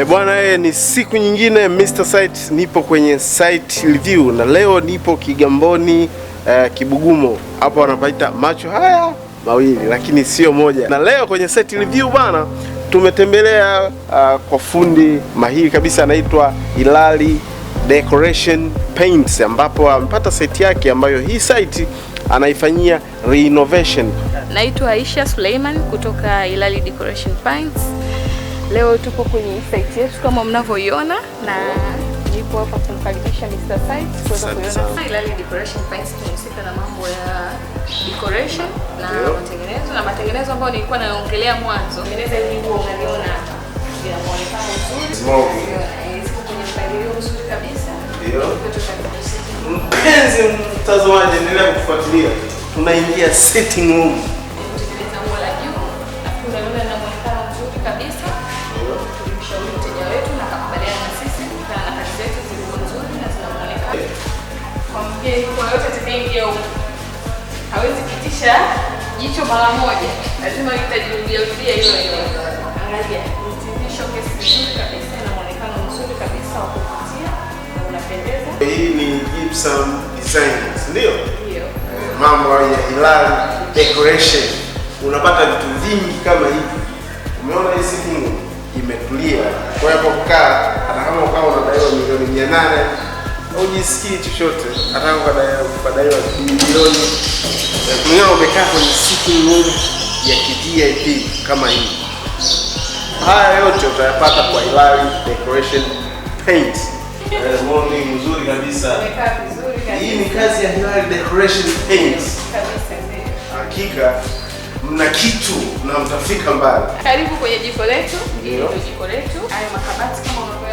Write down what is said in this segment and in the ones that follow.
Ebwana, ye, eh, ni siku nyingine Mr. Site, nipo kwenye site review na leo nipo Kigamboni eh, Kibugumo hapo wanapaita macho haya mawili lakini sio moja. Na leo kwenye site review bwana, tumetembelea uh, kwa fundi mahiri kabisa anaitwa Ilali Decoration Paints ambapo amepata site yake ambayo hii site anaifanyia renovation. Naitwa Aisha Suleiman kutoka Ilali Decoration Paints. Leo tupo kwenye site yetu kama mnavyoiona na nipo hapa kumkaribisha Mr. Site kuweza kuiona Ilali Decoration Paints, tunahusika na mambo ya decoration na matengenezo na matengenezo ambayo nilikuwa naongelea mwanzo. Tengeneza hii nguo unaliona ya mwonekano mzuri, eh, ziko kwenye mpangilio mzuri kabisa. Ndio. Mpenzi mtazamaji, endelea kufuatilia, tunaingia sitting room jicho mara moja, lazima litajirudiarudia hiyo hiyo. Angalia mtindisho kesi nzuri kabisa na muonekano mzuri kabisa wa kuvutia na unapendeza. Hii ni gypsum design, ndio eh, mambo ya hilali decoration, unapata vitu vingi kama hivi. Umeona hii siku imetulia, kwa hiyo kukaa hata kama ukawa unadaiwa milioni mia nane ujisikii chochote, hata badaiwa bilioni kuingia. Umekaa kwenye siku nyingi ya kivip kama hii, haya yote utayapata kwa Ilawi Decoration Paint. Mzuri kabisa, hii ni kazi ya Ilawi Decoration Paint. Hakika mna kitu na mtafika mbali. Karibu kwenye jiko letu, hili ndio jiko letu. Hayo makabati kama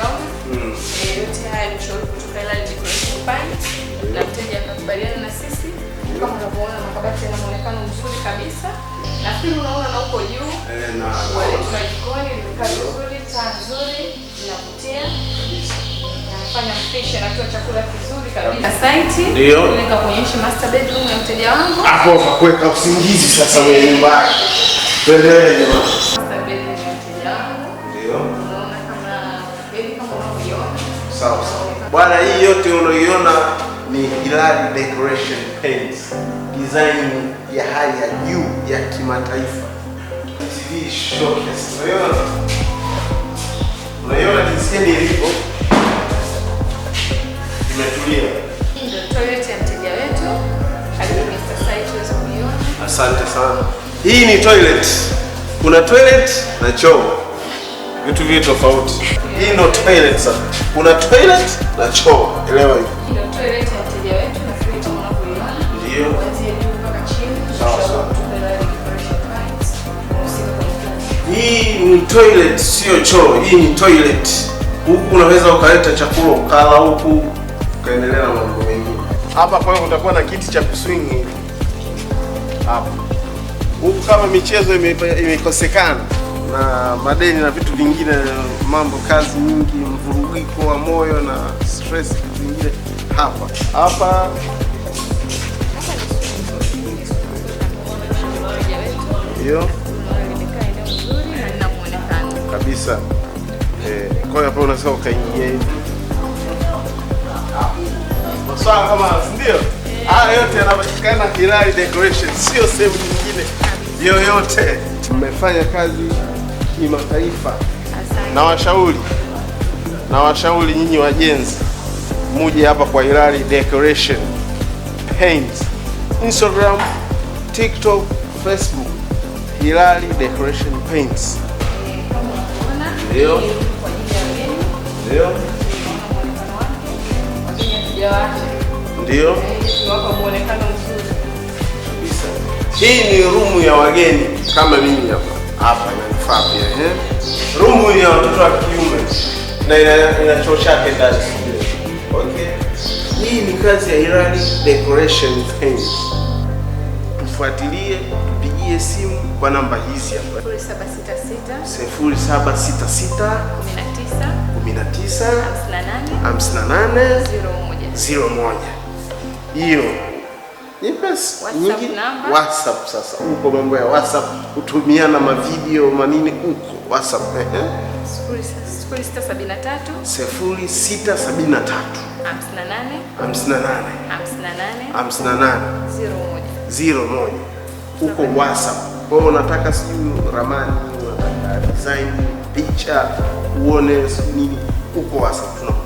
Waleta jikoni imekaa vizuri, taa nzuri zinavutia, nafanya mpishi, natoa chakula kizuri kabisa. Saiti nika kuonyesha master bedroom ya mteja wangu hapo, pakuweka usingizi sasa wewe nyumbani. Tuendelee jamani, master bedroom ya mteja wangu ndio unaona kama bedi kama unavyoiona. Sawa sawa bwana, hii yote unaiona ni Hilary Decoration Paints, design ya hali ya juu ya kimataifa kiasi. Unaiona, unaiona jinsi gani imetulia. asante sana. Hii ni toilet, kuna toilet na choo, vitu vile tofauti. Hii ndo toilet sasa, kuna toilet na choo, elewa hiyo. Ndio toilet ya mteja wetu na friji unapoiona. Ndio. Hii ni toilet, sio choo. Hii ni toilet. Huku unaweza ukaleta chakula ukala, huku ukaendelea na mambo mengine. Hapa kwa kutakuwa na kiti cha kuswingi hapa. Huku kama michezo imekosekana na madeni na vitu vingine, mambo kazi nyingi, mvurugiko wa moyo na stress zingine, hapa hapa ndio kabisa eh, Kwa hiyo hapo unasema ukaingia hivi sawa, kama ndio haya yote yanapatikana Hilali Decoration, sio sehemu nyingine yoyote. Mmefanya kazi kimataifa, na washauri na washauri nyinyi wajenzi, muje hapa kwa Hilali Decoration Paint, Instagram, TikTok, Facebook, Hilali Decoration Paints ndio kwa ajili ndio ndio Hii ni rumu ya wageni kama mimi hapa hapa, inanifaa pia eh, rumu ya watoto wa kiume na ina choo chake ndani. Okay, hii ni kazi ya Irani Decoration Paints tufuatilie, tupigie simu kwa namba hizi hapa 0766 0766 19 58 01. Hiyo nyepesi nyingi. WhatsApp sasa, huko mambo ya WhatsApp hutumiana mavideo manini huko WhatsApp eh, 0673 58 58 58 01 zero moja huko WhatsApp. Kwa hiyo unataka sijui ramani, unataka design picha, uone nini, huko WhatsApp tuna